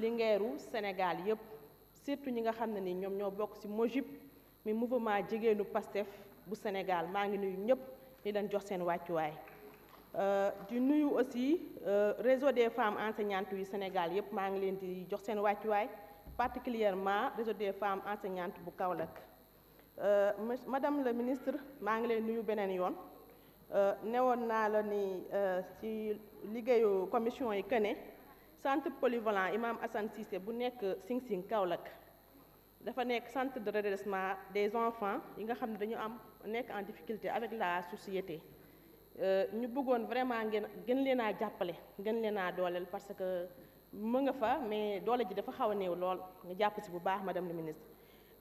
lingeeru Sénégal yépp surtout ñi nga xam ni ñom ñoo bok ci Mojib mi mouvement jigéenu Pastef bu Sénégal ma ngi nuyu ñépp di dañ jox seen euh di nuyu aussi euh, réseau des femmes enseignantes du Sénégal yépp ma ngi leen di jox seen way particulièrement réseau des femmes enseignantes bu Kaolack euh, madame la ministre ma ngi leen nuyu benen yoon euh, néwon na la ni ci liggéeyu commission yi kené centre polyvalent imam Hassan Cissé bu nek Sing Sing kaolak dafa nek centre de redressement des enfants yi nga xam dañu am nek en difficulté avec la société euh, ñu bëggone vraiment gën leen jappalé gën leen a parce que mu nga fa mais doole ji dafa xaw a lool nga japp ci bu baax madame le ministre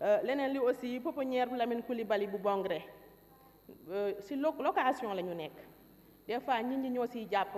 euh, leneen li aussi pouponnière bu Lamine Coulibaly bu Bongré euh, si location lañu nek des fois nit ñi ñoo ci japp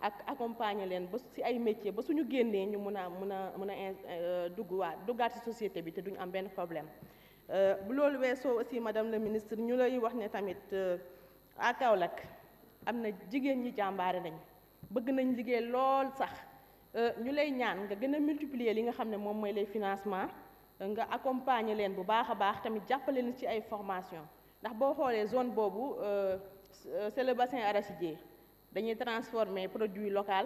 accompagner les, ba ci ay métiers ba suñu gagnons, ñu mun a mun a mun a euh, société bi te duñu am problème euh, bu loolu weesoo aussi madame la ministre ñu lay wax ne tamit euh, à Kaolak, am na jigéen ñi jàmbaare nañ bëgg nañ liggéey lool sax ñu lay ñaan nga gën a multiplier li nga xam ne moom mooy les financements nga accompagner leen bu baax a baax tamit jàppale leen ci ay formation ndax boo xoolee zone boobu c'est le bassin arachidier dañuy transformer produit local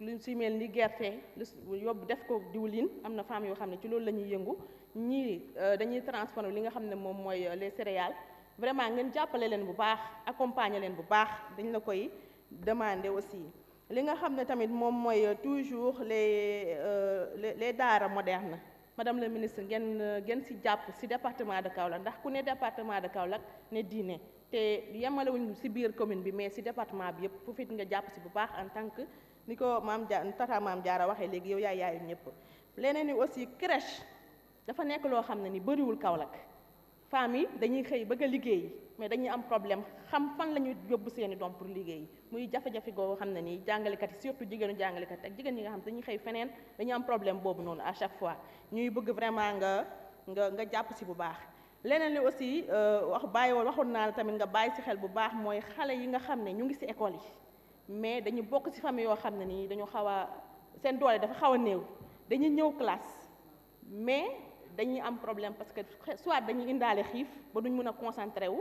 lu ci mel ni gerté lu yóbbu def ko diwlin amna na yo xamné ci loolu lañuy yëngu euh, dañuy transformer li nga xamné mom moy euh, les céréales vraiment ngeen jappalé len bu baax accompagner len bu baax dañ la koy demander aussi li nga xamné tamit mom moy euh, toujours les les daara moderne madame la ministre ngeen ngeen si jàpp si département de Kaolack ndax ku ne département de Kaolack ne diine te yemalewuñ si biir commune bi mais si département bi yëpp fu fit nga jàpp si bu baax en tant que ni ko maam ja tata maam jaara waxee léegi yow yaay yaayu ñëpp leneen ni aussi crèche dafa nekk loo xam ne ni bëriwul Kaolack famille dañuy xey bëgg liggéey mais dañuy am problème xam fan la ñuy yóbbu seeni doom pour liggéey muy jafé jafe goo xam ne nii jàngalekat yi surtout jigéenu jàngalekat kat ak jigéen ñi nga xam dañuy xey feneen dañuy am problème boobu noonu à chaque fois ñuy bëgg vraiment nga nga nga jàpp si bu baax leneen li aussi euh, wax bàyyi wol waxoon naa la tamit nga bàyyi si xel bu baax mooy xale yi nga xam ne ñu ngi si école yi mais dañu bokk si famille yoo xam ne nii dañu xaw a seen doole dafa xaw a néew dañuy ñëw classe mais dañuy am problème parce que soit dañuy indalé xif ba duñ mëna concentré wu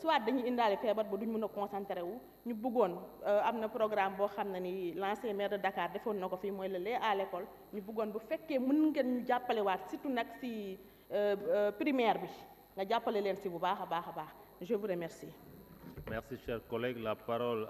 soit dañuy indalé fièvre ba duñ mëna concentré wu ñu bëggone euh, amna programme bo xamna ni l'ancien maire de Dakar defon nako fi moy mooy le à l'école ñu bëggone bu féké mën ngeen ñu waat surtout nak si euh, euh, primaire bi nga jappalé leen si bu baaxa baaxa baax baax je vous remercie. Merci, chers collègues. La parole.